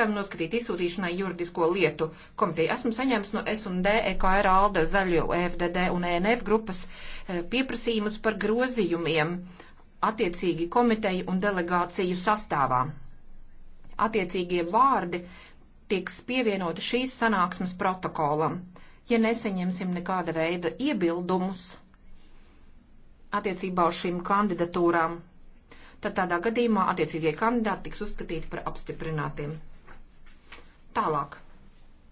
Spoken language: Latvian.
tam noskatīt izsūtīšanai juridisko lietu komiteju. Esmu saņēmis no S&D, EKR, ALDE, Zaļo, EFDD un ENF grupas eh, pieprasījumus par grozījumiem attiecīgi komiteju un delegāciju sastāvā. Attiecīgie vārdi tiks pievienoti šīs sanāksmes protokolam. Ja neseņemsim nekāda veida iebildumus attiecībā uz šīm kandidatūrām, tad tādā gadījumā attiecīgie kandidāti tiks uzskatīti par apstiprinātiem tālāk.